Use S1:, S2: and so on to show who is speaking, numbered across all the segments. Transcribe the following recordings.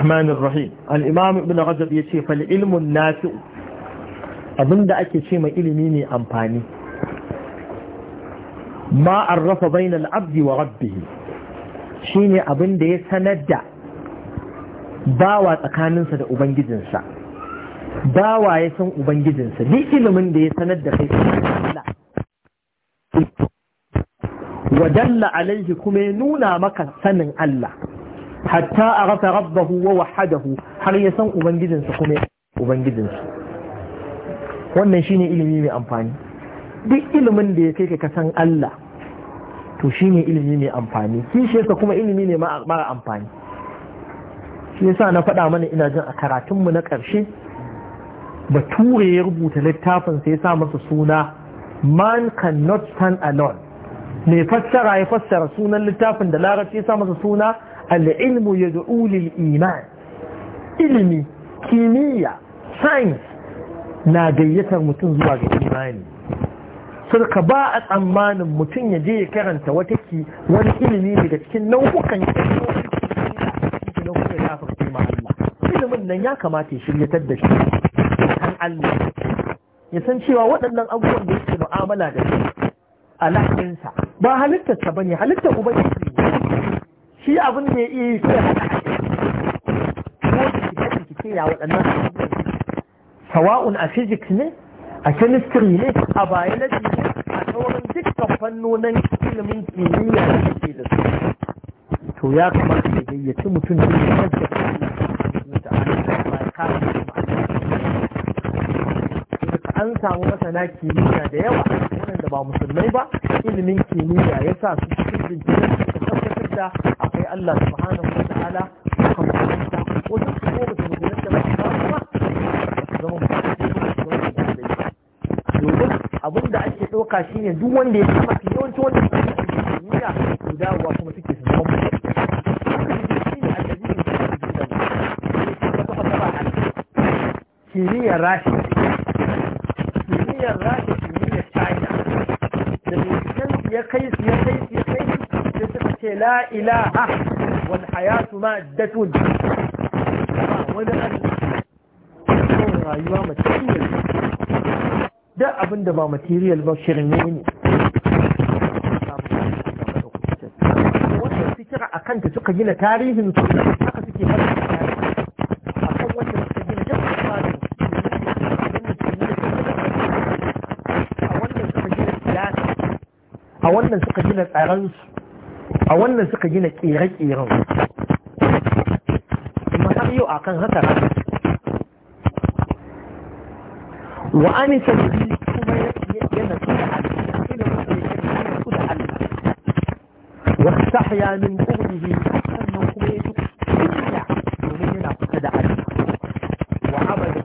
S1: الرحمن الرحيم الإمام ابن رجب يشي فالعلم النافع أظن ده أكي شيء ما إلميني أمباني ما عرف بين العبد وربه shine abin da ya sanar da bawa tsakaninsa da ubangijinsa bawa ya san ilimin da ya sanar da kai Allah wa dalla alaihi kuma ya nuna maka sanin Allah hatta rabba rabbahu wa wahadahu har ya san ubangijinsa kuma ubangijinsa wannan shine ilimi mai amfani duk ilimin da ya kai ka kasan Allah to shine ilimi mai amfani kishiyarsa kuma ilimi ne mara amfani shi yasa na faɗa mana ina jin a karatunmu na ƙarshe bature ya rubuta littafin sai ya sa masa suna man cannot stand alone mai fassara ya fassara sunan littafin da larabci ya sa masa suna al'ilmu ya lil iman ilimi kimiyya science na gayyatar mutum zuwa ga imani surka ba a tsammanin mutum ya je ya karanta wata ki wani ilimi daga cikin nau'ukan ilimin nan ya kamata ya shiryatar da shi kan Allah ya san cewa waɗannan abubuwan da yake mu'amala da su a lahinsa ba halittarsa bane halittar ubangiji shi abin da ya iya yi
S2: ce ya waɗannan abubuwan
S1: sawa'un a physics ne a chemistry ne
S2: a biology ne a sauran dukkan fannonin ilimin kimiyya da ke da su to ya kamata ya gayyaci mutum da ya kanta
S1: an samu masana kimiyya da yawa waɗanda ba musulmai ba ilimin kimiyya ya sa
S2: su cikin bincike musulunta akwai Allah subhanahu wa ta'ala suka musulunta wasu su ko basu musulunta ba su samu ba su zama musulunta domin
S1: abin da ake ɗauka shine duk wanda ya fi mafi yawanci wanda yi
S2: duniya su dawowa kuma suke su zama musulunta. rashi لا إله والحياة مادة وانا رايوة ماتيريال
S1: ده أبن دبا ماتيريال بشيرين أكنت سوكا
S2: جينا تاريهن سوكا
S1: سكي a a wannan suka gina ƙere-ƙeren kuma
S2: har yau a kan haka wa amisa da kuma yana tuna Allah واستحيا من بغضه sannan kuma ya ji kunya domin yana kusa da Allah wa abada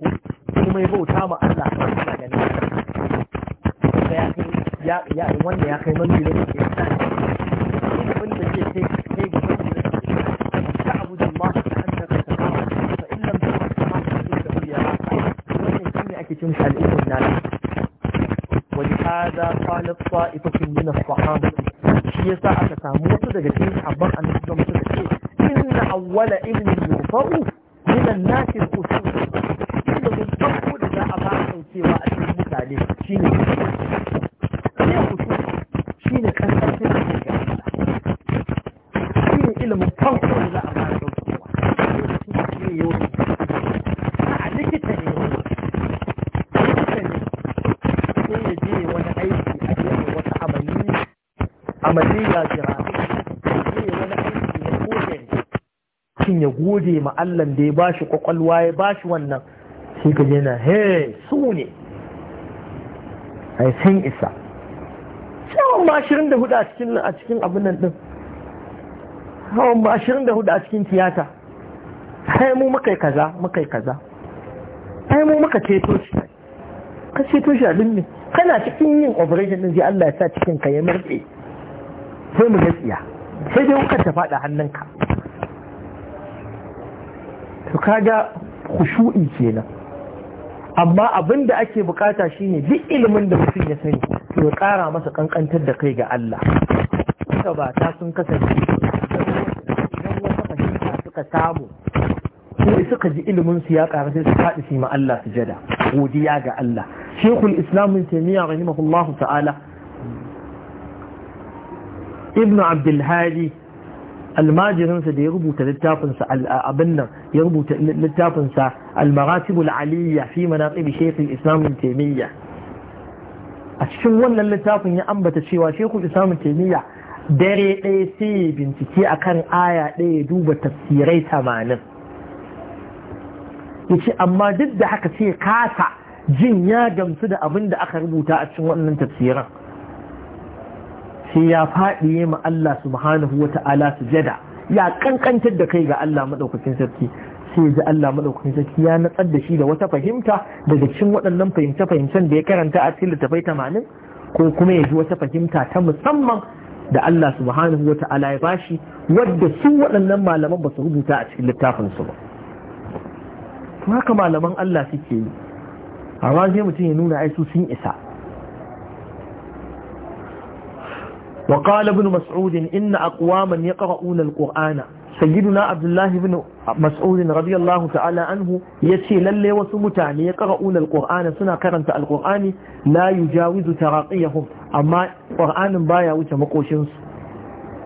S2: hu kuma ya bauta ma Allah kan ganin ya ya wanda ya kai manzilin ta'ifatun min
S1: sahaba shi yasa aka samu wasu daga cikin sahabban annabi sallallahu alaihi wasallam suka
S2: ce inna awwala ibn yufa'u min an-nas al-usul inda mun farko da za a ba a a cikin mutane shine
S1: gode ma Allah da ya shi kwakwalwa ya shi wannan sai ka jina he su ne ai sun isa hawan ma ashirin a cikin a cikin abin nan din ashirin da hudu a cikin tiyata sai mu muka yi kaza muka yi kaza ai mu maka ceto shi ka ceto shi a dinne kana cikin yin operation din sai Allah ya sa cikin ka ya murɗe sai mu gaskiya sai dai kuka ta faɗa hannunka to kaga khushu'i kenan amma abin da ake bukata shine duk ilimin da mutum ya sani to ya kara masa kankantar da kai ga
S2: Allah suka
S1: ba ta sun kasance
S2: idan wata fahimta suka samu sai suka
S1: ji ilimin su ya kara sai su faɗi su ma Allah sujada godiya ga Allah Sheikhul Islam Ibn Taymiyyah rahimahullahu ta'ala Ibn Abdul Hadi almajirinsa da ya rubuta littafinsa abin nan ya rubuta littafinsa al-maratib al-aliyya fi manaqib shaykh al-islam a cikin wannan littafin ya ambata cewa shaykh al-islam dare ɗaya sai ya bincike akan aya ɗaya ya duba tafsirai tamanin ya ce amma duk da haka sai kasa jin ya gamsu da abin da aka rubuta a cikin wannan tafsiran sai ya faɗi ma Allah subhanahu wa ta'ala sujada ya kankantar da kai ga Allah maɗaukakin sarki sai ji Allah maɗaukakin sarki ya natsar da shi da wata fahimta daga cikin waɗannan fahimce-fahimcen da ya karanta a cikin littafai tamanin ko kuma ya ji wata fahimta ta musamman da Allah subhanahu wa ta'ala ya bashi wadda su waɗannan malaman ba su rubuta a cikin littafin su ba haka malaman Allah suke yi amma sai mutum ya nuna ai sun isa وقال ابن مسعود إن أقواما يقرؤون القرآن سيدنا عبد الله بن مسعود رضي الله تعالى عنه يتي للي وسمتان يقرؤون القرآن سنة كرنت القرآن لا يجاوز تراقيهم أما قرآن بايا وتمقوشنس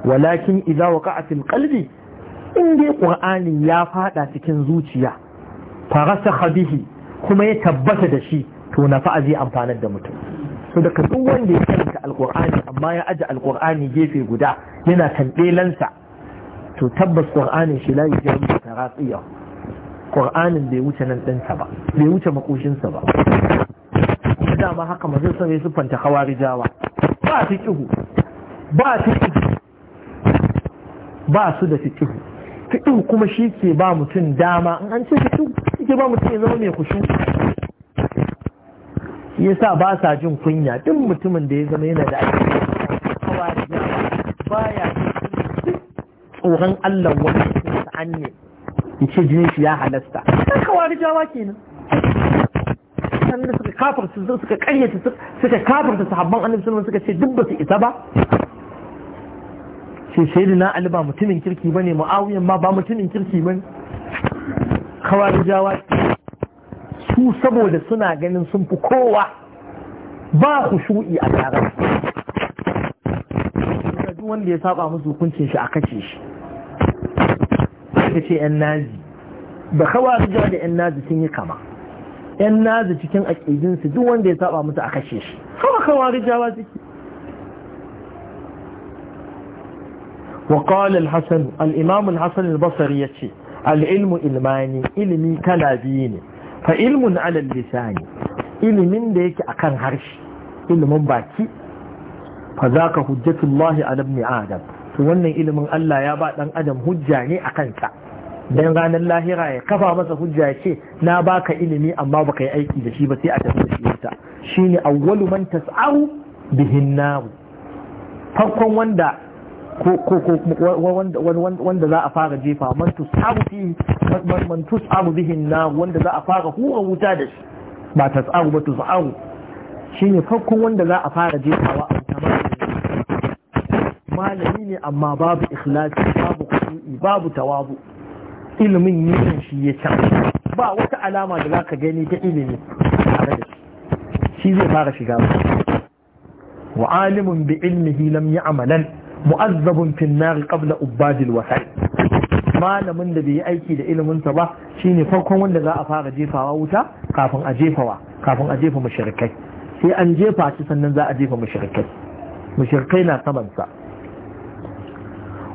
S1: ولكن إذا وقع في القلب إن دي قرآن يافا لا تكن زوتيا فرسخ به كما يتبت دشي تونفع زي أمفان الدمتو so daga duk wanda ya karanta alkur'ani amma ya aje alkur'ani gefe guda yana tandelansa to tabbas qur'anin shi la yajaru taraqiya qur'anin bai wuce nan ɗinsa ba bai wuce makoshinsa ba da dama haka mazan sun su fanta hawarijawa ba su kihu ba su kihu ba su da su kihu kuma shi ke ba mutum dama in an ce fiɗin shi ke ba mutum ya zama mai kushu sa ba sa jin kunya duk mutumin da ya zama yana da
S2: aiki baya
S1: tsoron Allah wani sa'an ne in ce jini shi ya halasta kawar jawa kenan sannan suka kafarta suka karyata suka kafarta sahabban annabi sallallahu suka ce duk ba su isa ba sai da na Ali ba mutumin kirki bane Muawiyan ma ba mutumin kirki bane kawar jawa su saboda suna ganin sun fi kowa ba ku shu'i a taron duk wanda ya saba musu hukuncin shi a kashe shi suka ce yan nazi ba kawa su da yan nazi sun yi kama yan nazi cikin aƙidinsu duk wanda ya saba musu a kashe shi kawa kawa rijawa suke وقال الحسن الإمام الحسن البصري يتشي العلم إلماني إلمي كلا بيني fa ilmun alal lisani ilimin da yake akan harshe ilimin baki fa zaka hujjatullahi ala ibn adam to wannan ilimin Allah ya ba dan adam hujja ne akan sa dan ranar lahira ya kafa masa hujja ya ce na baka ilimi amma baka yi aiki da shi ba sai a tafi da shi wuta shine awwalu man aru bihin nar farkon wanda ko ko wanda za a fara jefa man tusabu fi man tusabu bihin na wanda za a fara hura wuta da shi ba tsaru ba tusabu shine farkon wanda za a fara jefawa a wuta malami ne amma babu ikhlasi babu kudu'i babu tawabu ilimin yin shi ya can ba wata alama da za ka gani ta ilimi tare da shi shi zai fara shiga wa alimun bi ilmihi lam ya amalan mu'azzabun fil nar qabla ubadil wasai malamin da bai yi aiki da iliminsa ba shine farkon wanda za a fara jefawa wuta kafin a jefawa kafin a jefa mushrikai sai an jefa shi sannan za a jefa mushrikai mushrikai na samansa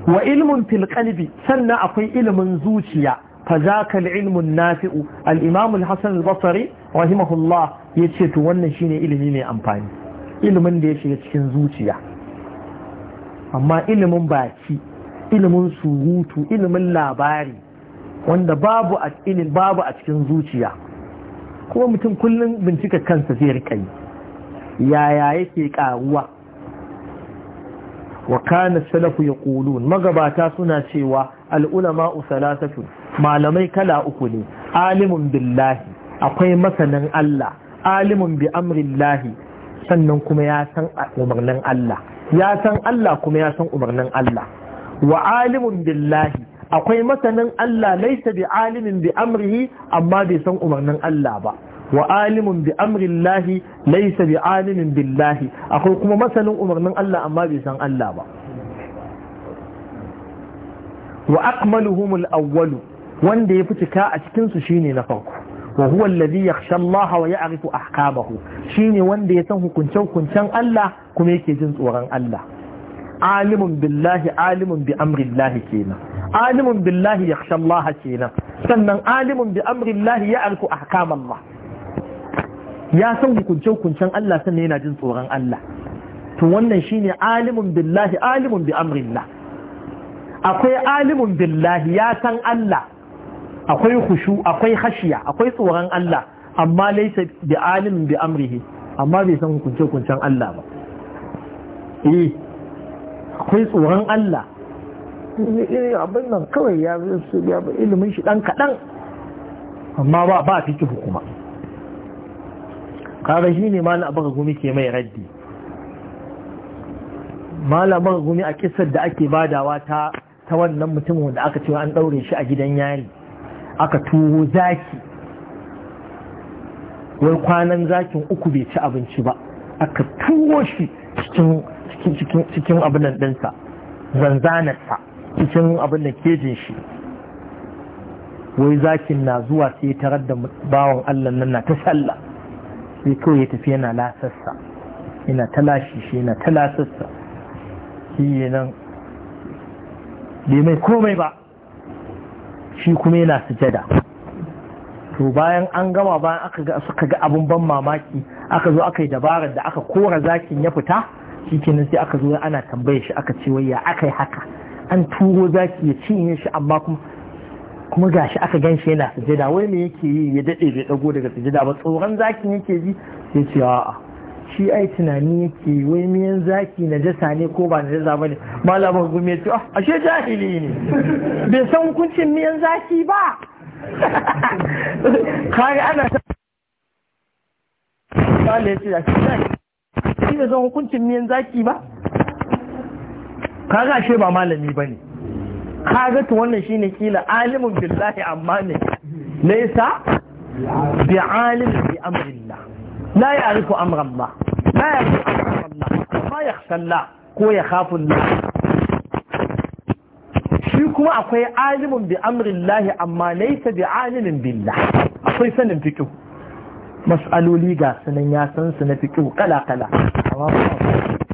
S1: wa ilmun fil qalbi sannan akwai ilimin zuciya فذاك العلم النافع الإمام الحسن البصري رحمه الله يتشيت mai amfani. من da ya shiga cikin zuciya. amma ilimin baki ilimin surutu ilimin labari wanda babu a babu a cikin zuciya kuma mutum kullum bincika kansa zai rika yi yaya yake karuwa wa kana salafu yaqulun magabata suna cewa al ulama salasatu malamai kala uku ne alimun billahi akwai masanin Allah alimun bi amrillahi sannan kuma ya san umarnin Allah ya san Allah kuma ya san umarnin Allah wa alimun billahi akwai masanin Allah laisa bi alimin bi amrihi amma bai san umarnin Allah ba wa alimun bi amrillahi laisa bi alimin billahi akwai kuma masanin umarnin Allah amma bai san Allah ba wa akmaluhumul awwalu wanda ya fi cika a cikin su shine na farko wa huwa alladhi yakhsha Allah wa ya'rifu ahkamahu shine wanda ya san hukunce hukuncen Allah kuma yake jin tsoron Allah alimun billahi alimun bi amrillahi kenan alimun billahi yakhsha Allah kenan sannan alimun bi amrillahi ya'rifu ahkamallah ya san hukunce hukuncen Allah sannan yana jin tsoron Allah to wannan shine alimun billahi alimun bi akwai alimun billahi ya san Allah akwai khushu akwai khashiya akwai tsoron Allah amma laisa bi alim bi amrihi amma bai san kunce kuncen Allah ba eh akwai tsoron Allah eh, abin nan kawai ya ilimin shi dan kadan amma ba ba fiki kuma kaga shine malam abin gumi ke mai raddi malamar gumi a kisar da ake badawa ta ta wannan mutumin da aka cewa an daure shi a gidan yari aka tuwo zaki wai kwanan zakin uku bai ci abinci ba aka tuwo shi cikin abin nan ɗinsa zanzanarsa cikin abin da kejin shi wai zakin na zuwa sai tarar da bawan Allah nan na ta sallah sai kawai ya tafi yana lasassa yana ta lashe shi yana ta lasassa shi nan bai mai komai ba shi kuma yana sujada to bayan an gama bayan aka ga suka ga abun ban mamaki aka zo aka yi dabarar da aka kora zakin ya fita shikenan sai aka zo ana tambaye shi aka ce wai ya aka yi haka an turo zaki ya cinye shi amma kuma kuma gashi aka gan shi yana sujada wai me yake yi ya dade bai dago daga sujada ba tsoron zakin yake ji sai ce a'a shi ai tunani yake wai miyan zaki na jasa ne ko ba na jasa ba ne malamin gumi ya ce ah ashe jahili ne bai san hukuncin miyan zaki ba kare ana ta kala ya ce da shi shi bai zan hukuncin miyan zaki ba kare ashe ba malami ba ne kare ta wannan ne kila alimun billahi amma ne laisa bi alimin bi amrillah la ya'rifu amran ba la yakhsha Allah ma ya Allah ko ya khafu Allah shi kuma akwai alimin bi amrillahi amma laysa bi alimin billah akwai sanin fiqh mas'aloli ga sunan ya san su na fiqh kala kala amma ba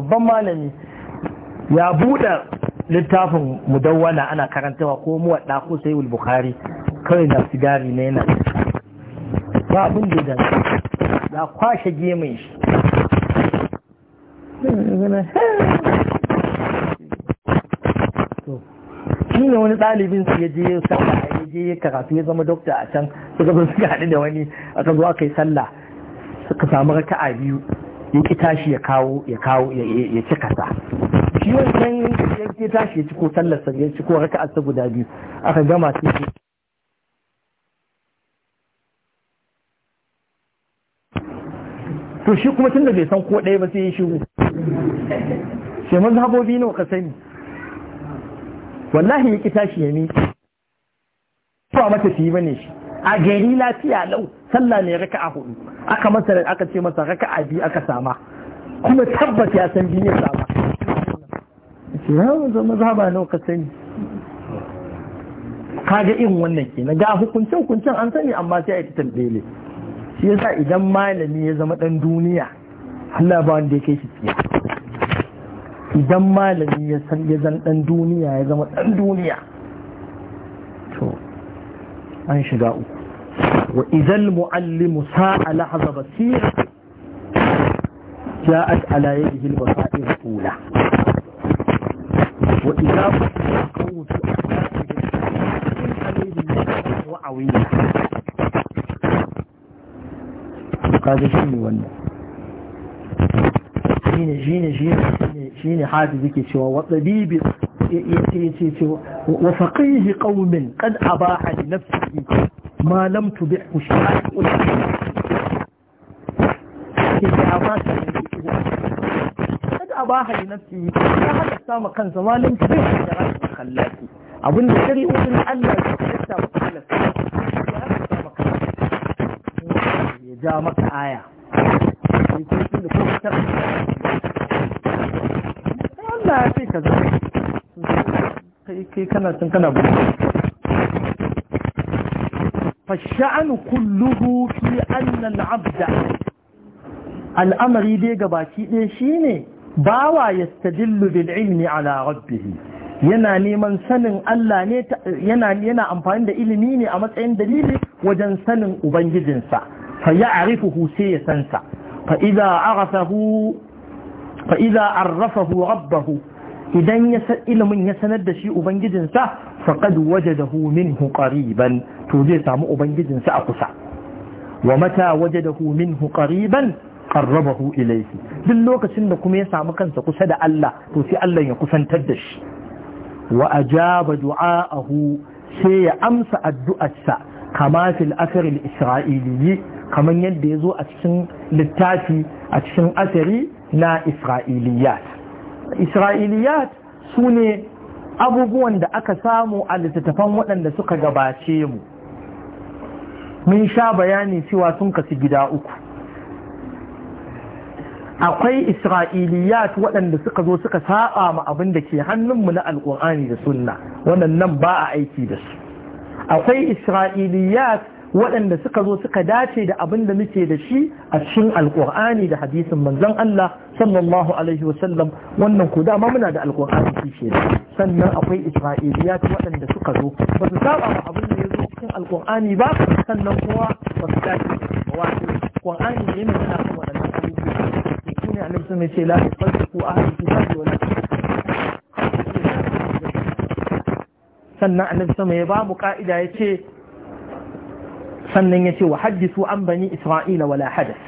S2: babban malami
S1: ya buɗe littafin mudawwana ana karantawa ko wadda ko sai bukhari kawai na sigari ne yana ba abin da da ya kwashe gemin shi shi ne wani ɗalibin su ya je sallah ya je karatu ya zama dokta a can suka zo suka haɗu da wani aka zo aka yi sallah suka samu raka'a biyu ya ki tashi ya kawo ya kawo ya ci kasa shi wancan ya ki tashi ya ci ko sallar sa ya ci ko raka asa guda biyu aka gama sai to shi kuma tunda bai san ko ɗaya ba sai ya shigo sai mazhabobi nawa ka sani wallahi ya ki tashi ya ne ba mata ba ne shi a gari lafiya lau sallah ne raka a hudu aka masa aka ce masa raka a biyu aka sama kuma tabbas ya san biyu ya sama ce ya wanzu mazhaba nawa ka sani kaga irin wannan na ga hukuncin hukuncin an sani amma sai a yi tambele shi ya sa idan malami ya zama dan duniya Allah ba wanda ya kai shi tsiya idan malami ya san ya zan dan duniya ya zama dan duniya an shiga uku wa idan mu'allimu sa'a lahaza basira ja'at ala yadihi al-wasa'ir ula
S2: wa idan qawmu fi alayhi wa awiya
S1: kaje shi wannan shine shine shine shine hadi yake cewa wa tabibi yace yace cewa wa faqih qaumin
S2: qad abaha
S1: li nafsi الأرض ما لم تبعه الشرائع
S2: إذا أباك قد أباها لنفسه Allah السامة كان ما لم تبعه
S1: أبن الشريء من
S2: ya ja maka aya Allah ya ce ka zai kai kana kana
S1: fasha'anu kulluhu fi annal abda al'amari dai baki ɗaya shine bawa yastadillu bil ilmi ala rabbih yana amfani da ilimi ne a matsayin dalili wajen sanin ubangijinsa fa ya'rifuhu sai ya sansa fa idza arafahu fa idza arrafahu rabbahu idan ilimin ya sanar da shi ubangijinsa faqad wajadahu hu ƙariban, to zai samu ubangijinsa a kusa wa mata waje wajadahu minhu qariban qarrabahu ilayhi duk lokacin da kuma ya samu kansa kusa da Allah to sai Allah ya kusantar da shi wa ajaba du'aahu sai ya amsa addu'arsa kama fil asr Isra'iliyi, kamar kaman yadda zo a cikin littafi a cikin asari na isra'iliyat isra'iliyat su ne abubuwan da aka samu a littattafan waɗanda suka gabace mu mun sha bayani cewa sun kasu gida uku akwai isra'iliyat waɗanda suka zo suka saɓa ma abin da ke hannunmu na alƙur'ani da sunna waɗannan ba a aiki da su akwai isra'iliyat waɗanda suka zo suka dace da abin da muke da shi a cikin alƙur'ani da hadisin manzon Allah sallallahu alaihi wasallam wannan ku dama muna da alƙur'ani shi ke sannan akwai isra'iliya waɗanda suka zo ba su saba ma abin da ya zo cikin alƙur'ani ba sannan kowa ba su dace wato ƙur'ani ne mai yana kan waɗannan abubuwa shi ne annabi sun ce la tasfiku ahli kitabi wala sannan annabi sama ya ba mu ka'ida ya ce sannan ya ce wa haddisu an bani isra'ila wala hadas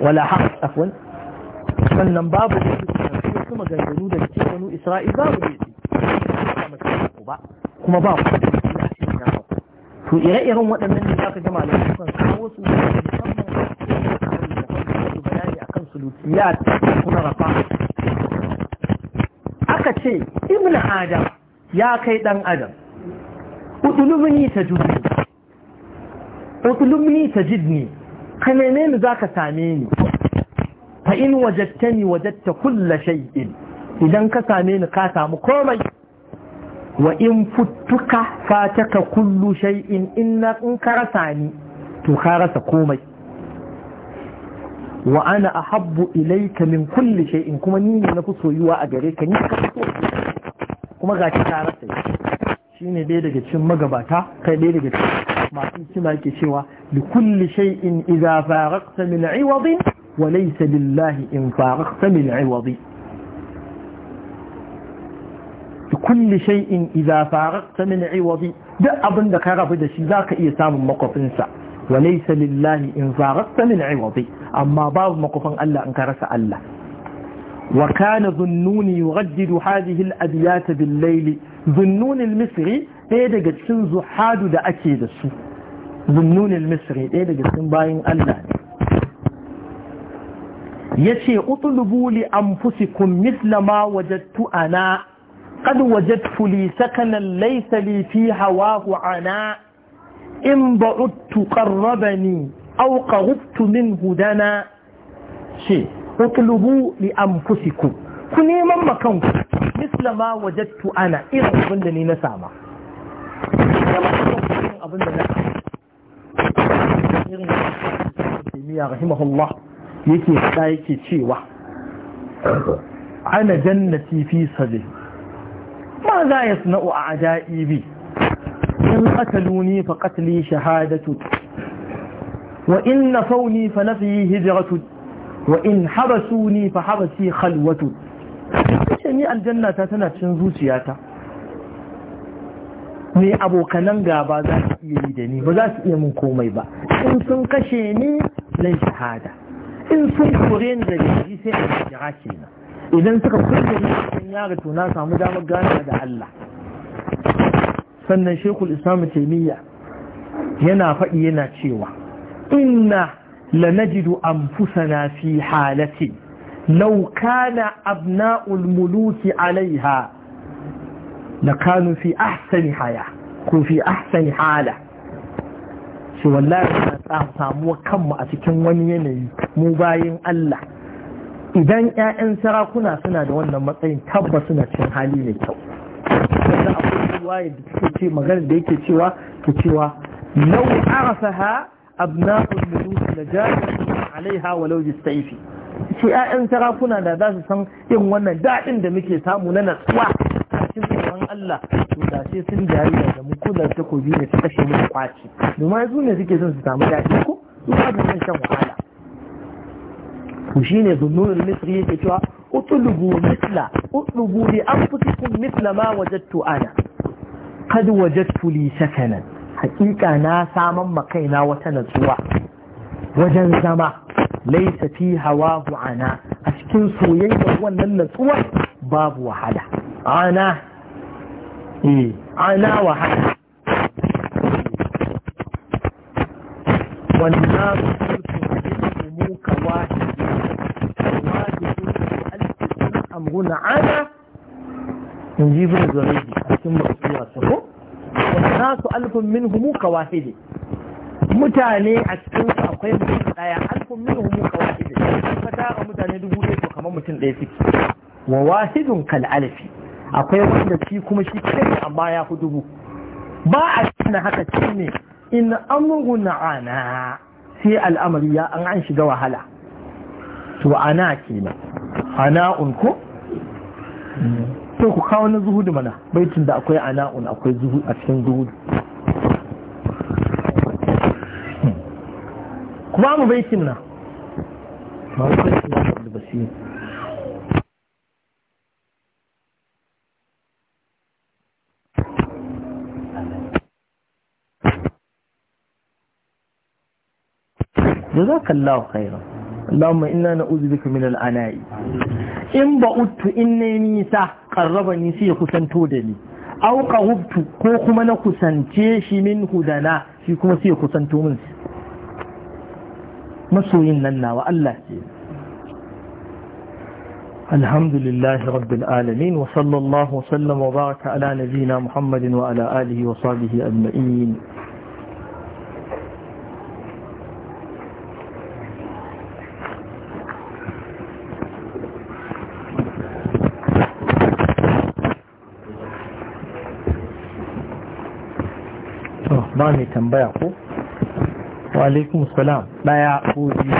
S1: wala hadas afwan sannan babu da su maganganu da
S2: cikin wani isra'ila babu da su ba kuma ba ku to ire-iren waɗannan ne zaka gama da sukan kawo su musamman bayani akan sulukiyat kuma rafa
S1: aka ce ibn adam ya kai dan adam udulubni ta juri utlubni tajidni ka neme ni zaka same ni fa in wajadtani wajadta kulla shay'in idan ka same ni ka samu komai wa in futtuka fataka kullu shay'in inna in ka rasa ni to ka rasa komai wa ana ahabbu ilayka min kulli shay'in kuma ni ne nafi soyuwa a gare ka ni ka so kuma gashi ka rasa shine dai daga cikin magabata kai dai daga cikin masu hikima ke cewa li kulli shay'in idza faraqta min 'iwadi wa laysa lillahi in faraqta min 'iwadi li kulli shay'in idza faraqta min 'iwadi duk abin da ka rabu da shi ka iya samun makofin sa wa laysa lillahi in faraqta min 'iwadi amma babu makofin Allah in ka rasa Allah وكان ظنون يغدد هذه الأبيات بالليل ظنون المصري ɗaya daga cikin zuhadu da ake da su zunnunin misri ɗaya daga cikin bayan Allah ne ya ce utulubu li anfusikum misla ma wajattu ana qad li sakanan laysa li fi hawa ana in ba'udtu qarrabani aw qaghubtu min hudana ce utulubu li anfusikum ku neman makanku misla mislama wajattu ana irin abin da ni na sama رحمه الله يكي سايكي تشيوة عن جنتي في صدري ماذا يصنع أعدائي بي إن قتلوني فقتلي شهادة وإن نفوني فنفي هجرة وإن حبسوني فحبسي خلوة شميع الجنة تتنى تشنزو سياتة me abokanan gaba za su iya yi da ni ba za su iya min komai ba in sun kashe ni lan shahada in sun kore ni da shi sai a jira kenan idan suka kulle ni cikin yaro to na samu damar gana da Allah sannan shekul islam taimiyya yana faɗi yana cewa inna lanajidu anfusana fi halati law kana abna'ul muluki alaiha kanu fi ahsani haya ko fi ahsani hala shi wallahi na samu kanmu a cikin wani yanayi mu bayin Allah idan 'ya'yan sarakuna suna da wannan matsayin tabba suna cin hali mai kyau
S2: wanda akwai ruwa da
S1: suke ce magana da yake cewa ke cewa lau arafaha abna'ul mulus la Alayha alaiha bisayfi shi 'ya'yan sarakuna da za su san yin wannan daɗin da muke samu na natsuwa
S2: cikin tsoron Allah
S1: to da sai sun jari da mu ko da ko biyu ne su kashe mu kwaci domin su ne suke son su samu daɗi ko su ba da son shan wahala to shine zunnun misri yake cewa utlubu misla utlubu li anfusikum misla ma wajadtu ana kad wajadtu li sakanan hakika na saman makaina wata natsuwa wajen zama laisa fi hawa bu'ana a cikin soyayyar wannan natsuwar babu wahala ana eh
S2: ana wa hana wannan muka wahid wahid alfisun amruna ana
S1: in ji bin zuridi a cikin masuwa su ko
S2: wannan su alfin
S1: min muka wahid mutane a cikin su akwai mutum daya alfin min muka wahid ka tara mutane dubu ɗaya to kamar mutum ɗaya suke wa wahidun kal alfi akwai wanda shi kuma shi kai amma ya fi dubu ba a cikin haka ce ne in amuru ana sai al'amari ya an an shiga wahala to ana nan, ana unku sai ku kawo na zuhudu mana baitin da akwai un akwai zuhu a cikin zuhudu ku mu baitin na
S2: ba su baitin da basiri
S1: جزاك الله خيرا اللهم إنا نعوذ بك من العناء إن بعدت إني نيسا قربني سي كسنتو دني أو قربت كو كما نكسنتيش منه دنا في كما سي كسنتو من مسوين لنا وألا الحمد لله رب العالمين وصلى الله وسلم وبارك على نبينا محمد وعلى آله وصحبه أجمعين ba mai tambaya ko wa alaikum salam daya ko biyu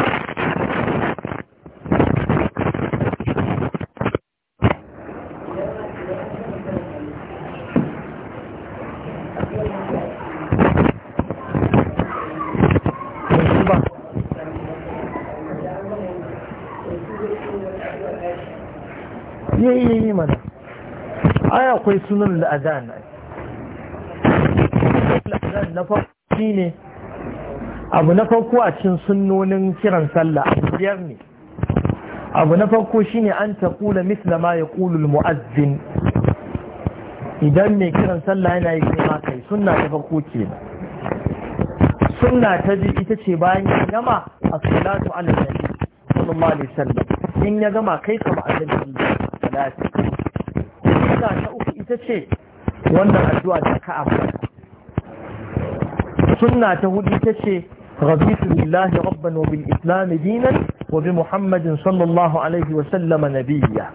S2: yayi yayi mana
S1: ai akwai sunan da azan na farko abu na farko a cin sunnonin kiran sallah biyar ne abu na farko shine an ta kula misla ma ya al-mu'azzin idan mai kiran sallah yana yi ma kai sunna ta farko ke kenan sunna ta ji ita ce bayan ya gama a salatu ala nabi sallallahu alaihi wasallam in ya gama kai kama annabi salati sunna ta uku ita ce wannan addu'a da ka ambata sunna ta hudu ta ce rabitu billahi rabban wa bil islam dinan wa bi muhammadin sallallahu alaihi wa sallama nabiyya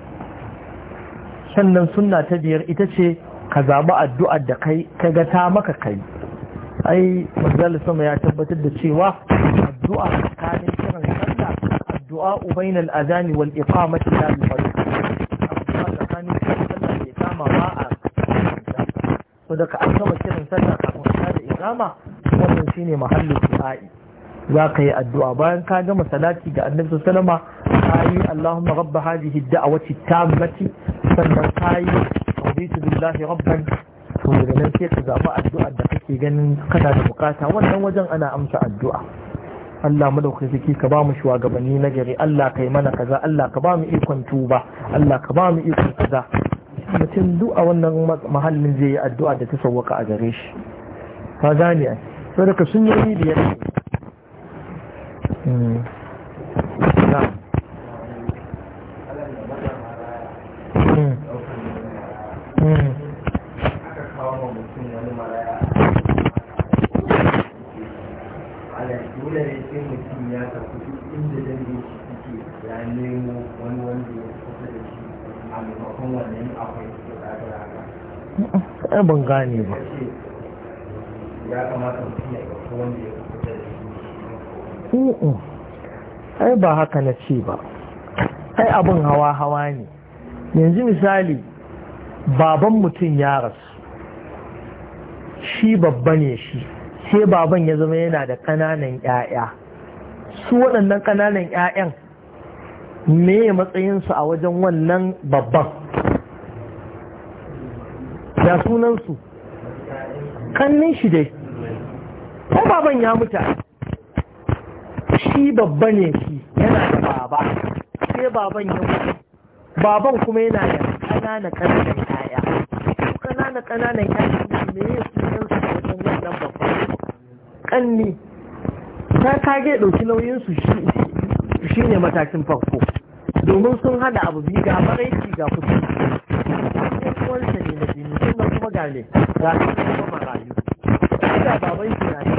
S1: sannan sunna ta biyar ita ce ka zaɓi addu'ar da kai ka ga ta maka kai ai manzal sama ya tabbatar da cewa addu'a
S2: tsakanin kiran sallah
S1: addu'a ubainal azani wal iqamati la yufarriq addu'a tsakanin kiran sallah da iqama ba a so daga an kama kiran sallah kafin ta da iqama wannan shine mahallin du'a'i za ka yi addu'a bayan ka gama salati ga annabi sallama ka yi Allahumma rabba hadhihi wacce ta tammati sannan ka yi raditu billahi rabban to daga nan sai ka zaɓi addu'ar da kake ganin kana da bukata wannan wajen ana amsa addu'a Allah madaukaki ka ba mu shugabanni na gari Allah ka yi mana kaza Allah ka ba mu ikon tuba Allah ka ba mu ikon kaza mutum duk a wannan mahallin zai yi addu'a da ta sauwaka a gare shi ka gane da daga sun yi biyar eh, ban gane ba ya kamata ai ba haka na ce ba ai abin hawa hawa ne yanzu misali baban mutum ya rasu shi babba ne shi sai baban ya zama yana da ƙananan 'ya'ya su waɗannan ƙananan 'ya'yan me matsayinsu a wajen wannan babban ya sunansu kannin shi dai ko baban ya mutu shi babba ne shi yana da baba sai baban ya mutu baban kuma yana
S2: da ƙananan ƙananan kanana ƙananan ƙananan ne me ya sunan su wajen wannan babba
S1: ƙanni ta kage ɗauki nauyin su shi ne matakin farko
S2: domin sun hada abu biyu ga maraici ga kusa uwansa ne na jini sannan kuma ga ne ga kuma rayu da baban shi na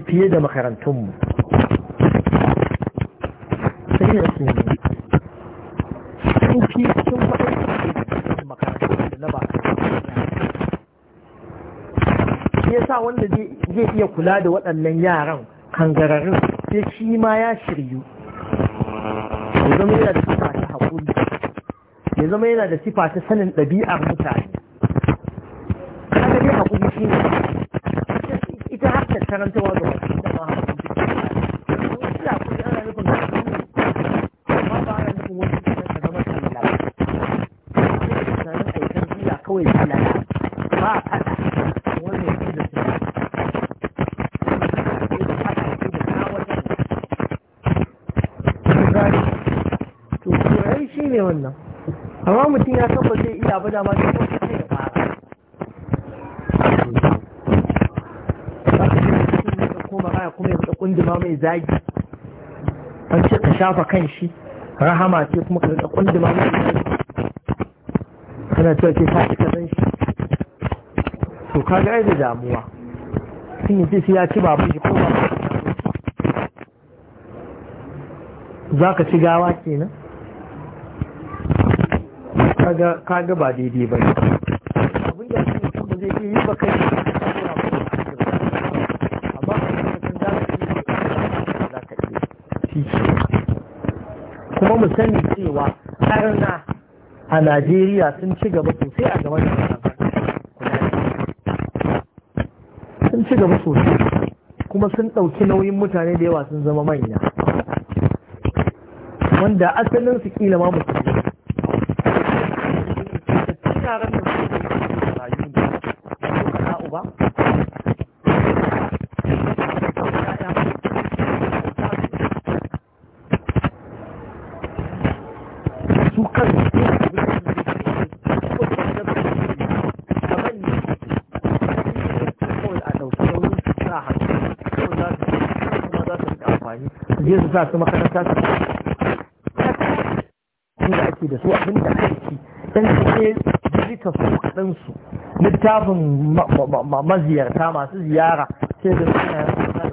S1: fiye da makarantunmu
S2: sai da su ne sun fi cikin na ba
S1: shi yasa wanda zai iya kula da waɗannan yaran kangararin sai shi ma ya shiryu
S2: ya zama yana da sifa ta haƙuri
S1: ya zama yana da sifa ta sanin ɗabi'ar mutane
S2: kaga dai haƙuri shi ne ita harkar karantarwa
S1: shafa kan shi rahama ce kuma ka rika kunduma kana cewa ce ta fita san shi to ka ga da damuwa sun yi ce ya ci babu shi ko ba za ka ci gawa ke nan ka ga ba daidai ba ne abin
S2: da shi ba zai yi ba kai
S1: sani cewa harna a najeriya sun ci gaba sosai a gaban da sun ci gaba sosai kuma sun ɗauki nauyin mutane da yawa sun zama manya wanda asalin su kila ma mutum za su makaranta su da ake da su abin da aiki dan kake jirita su kaɗan su littafin maziyarta masu ziyara sai da suna yanzu da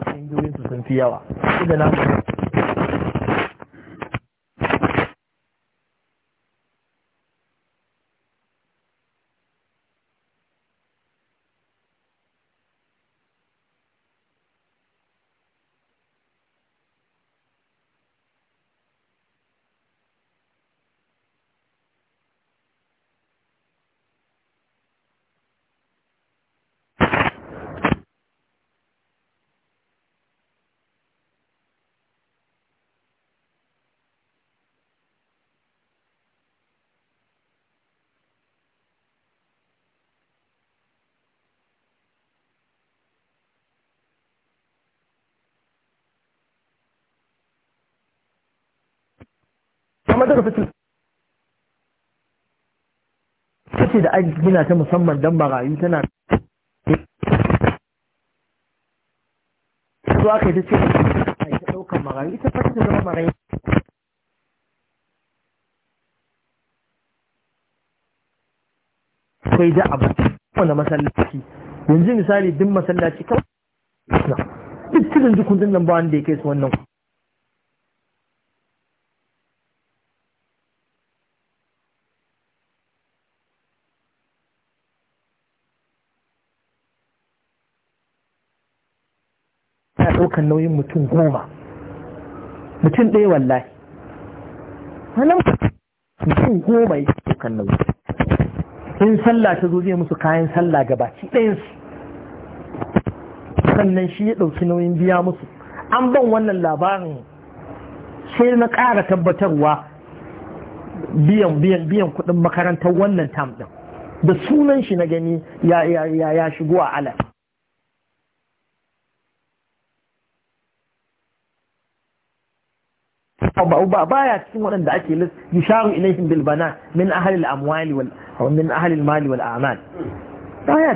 S1: sun sun fi yawa sai na amma daga fitin take da an gina ta musamman don marayu tana su aka yi ta ce a ta ɗaukar marayu ita fata ta zama marayu akwai da abu wanda masallaci yanzu misali duk masallaci kawai duk cikin jikun nan ba wanda ya kai su wannan ɗaukan nauyin mutum goma mutum ɗaya wallahi wannan mutum goma yake ɗaukan nauyi in sallah ta zo zai musu kayan sallah gabaki ɗayansu sannan shi ya ɗauki nauyin biya musu an ban wannan labarin sai na ƙara tabbatarwa biyan biyan biyan kuɗin makarantar wannan tam ɗin da sunan shi na gani ya shigo a alas فبايا كيم وانند اكي لس يشاغ إليهم بالبنات من أهل الأموال وال... من أهل المال والأعمال بايا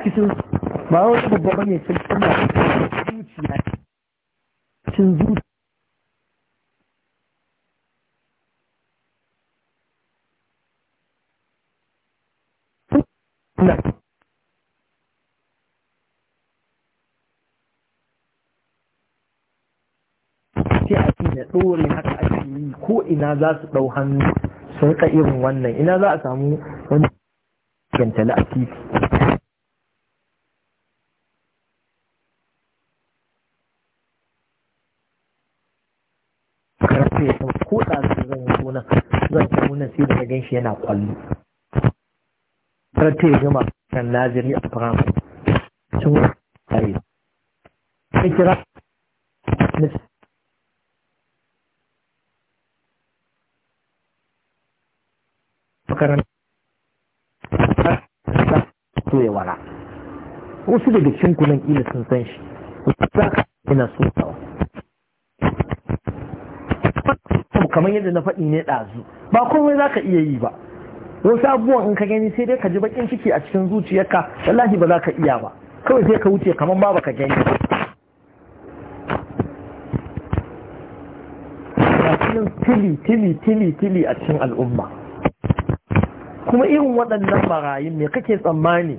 S1: yi ko ina za su ɗau hannu sun ka irin wannan ina za a
S2: samu wani gantali a titi
S1: karfe ya san ko su zan yi sunan zan ta nuna sai da ragen shi yana kwallo karfe ya gama kan naziri a faransa sun
S2: kare kira makaranta
S1: ya wara wasu daga cikin kunan ila sun san shi za ka yana so tawa kamar yadda na faɗi ne ɗazu ba komai za ka iya yi ba wasu abubuwan in ka gani sai dai ka ji bakin ciki a cikin zuciyarka wallahi ba za ka iya ba kawai sai ka wuce kamar ba ka gani ba tili tili tili tili a cikin al'umma kuma irin waɗannan marayun me kake tsammani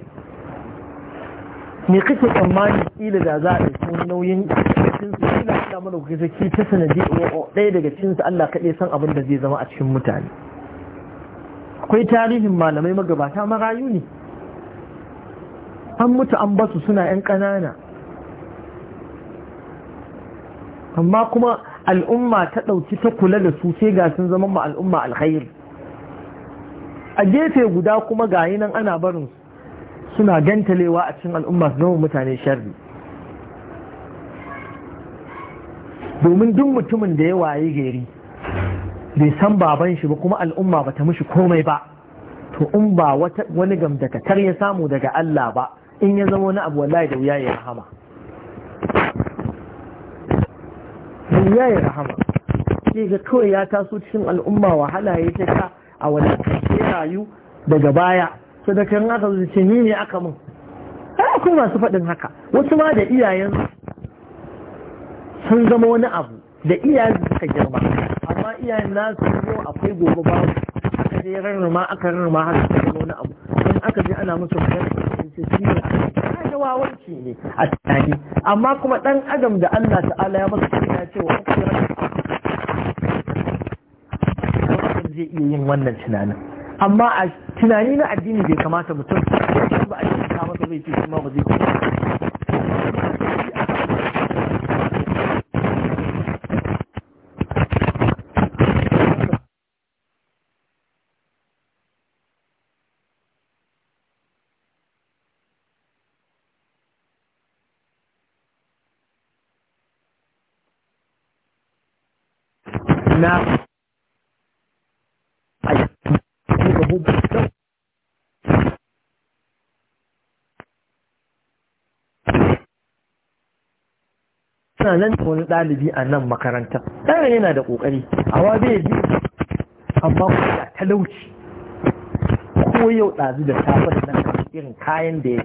S1: me kake tsammani kila da za a ɗauki nauyin cikinsu? su kila mana kuke saki ta sanadi ɗaya daga cikinsu Allah kaɗai san abin da zai zama a cikin mutane akwai tarihin malamai magabata marayu ne an mutu an basu suna 'yan ƙanana amma kuma al'umma ta ɗauki ta kula da su sai ga sun zama ma al'umma alkhairi a gefe guda kuma ga nan ana barin suna gantalewa a cikin al'umma su zama mutane sharri domin duk mutumin da ya waye gari bai san baban shi ba kuma al'umma ba ta mushi komai ba to in ba wani gamdakatar ya samu daga Allah ba in ya zama wani abu wallahi da wuya ya rahama wuya ya rahama ga kawai ya taso cikin al'umma wahala ya ta a wadatacce rayu daga baya su da kan aka zuci ni ne aka mun har akwai masu faɗin haka wasu ma da iyayen sun zama wani abu da iyayen suka girma amma iyayen nasu yi akwai gobe babu aka je rarrama aka rarrama har suka zama wani abu in aka je ana musu magana ce shi ne aka wawanci ne a tunani amma kuma ɗan adam da Allah ta'ala ya masa ya ce wa kuma zai iya yin wannan tunanin amma a tunani na addini bai kamata mutum ba a cikin ba zai ce shi ba zai ce muna nan da wani ɗalibi a nan makaranta ɗan yana da ƙoƙari awa bai bi amma kuma talauci ko yau ɗazu da safar nan irin kayan da ya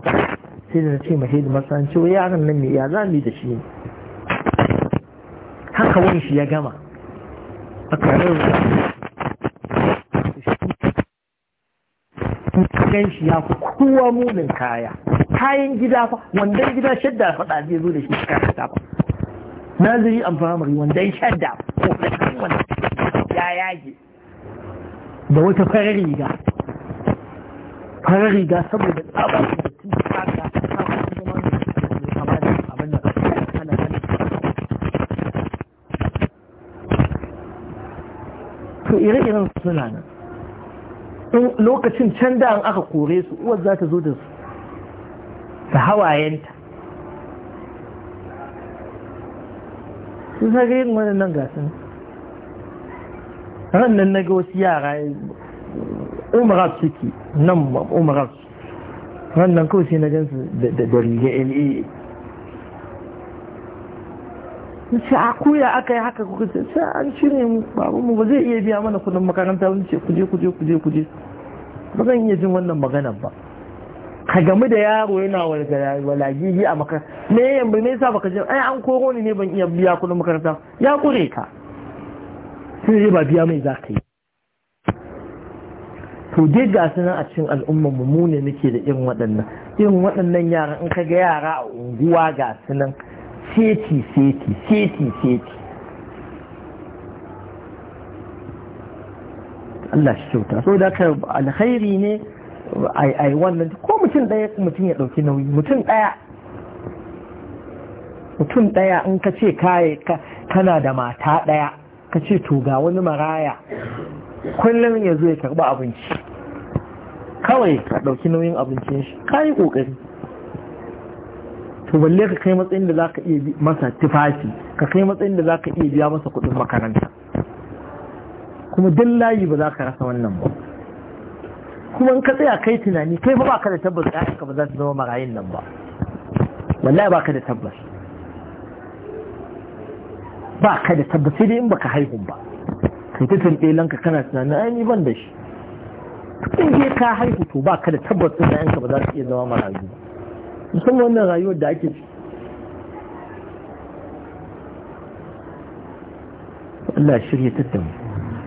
S1: sai da ce mahe da masanci wa yaran nan ne ya za mu da shi haka wani shi ya gama a karar kan shi ya fi kowa munin kaya kayan gida fa wandon gida shadda faɗa zai zo da shi kaya ta ba naziri an firamare wanda ya shadda ko
S2: wanda ya yage
S1: da wata farar riga
S2: farar riga saboda tsabar da tun tsaka to ire-iren suna nan
S1: lokacin can da an aka kore su uwar za ta zo da su da hawayenta kun ga yin waɗannan gasan rannan na ga wasu yara umarar ciki nan umarar rannan kawai sai na gansu da riga lea ce a kuya aka yi haka kuka ce sai an shirya mu babu mu ba zai iya biya mana kudin makaranta wani ce kuje kuje kuje kuje ba zan iya jin wannan maganar ba ka gamu da yaro yana walagigi a makaranta me yamba me yasa baka je ai an koro ni ne ban iya biya kudin makaranta ya kure ka sai ba biya mai za ka yi to dai ga sunan a cikin al'umma mu ne nake da irin waɗannan irin waɗannan yaran in ka ga yara a unguwa ga su seti seti seti seti Allah shi kyauta so da ka alkhairi ne ai wannan ko mutum ɗaya mutum ya ɗauki nauyi mutum ɗaya mutum ɗaya in ka ce kaye kana da mata ɗaya ka ce to ga wani maraya kullum ya zo ya karba abinci kawai ka ɗauki nauyin abincin shi ka yi to balle ka kai matsayin da za ka iya masa tufafi ka kai matsayin da za ka iya biya masa kuɗin makaranta kuma dillahi layi ba za ka rasa wannan ba kuma ka tsaya kai tunani kai ma ba ka da tabbas ka ba za su zama marayin nan ba wallahi ba ka da tabbas ba ka da tabbas sai dai in baka haihu ba kai ta tunɗe lanka kana tunanin ai ni ban da shi in dai ka haihu to ba ka da tabbas din da ka ba za su iya zama marayu ba musamman wannan rayuwar da ake ciki
S2: Allah shirya tattamu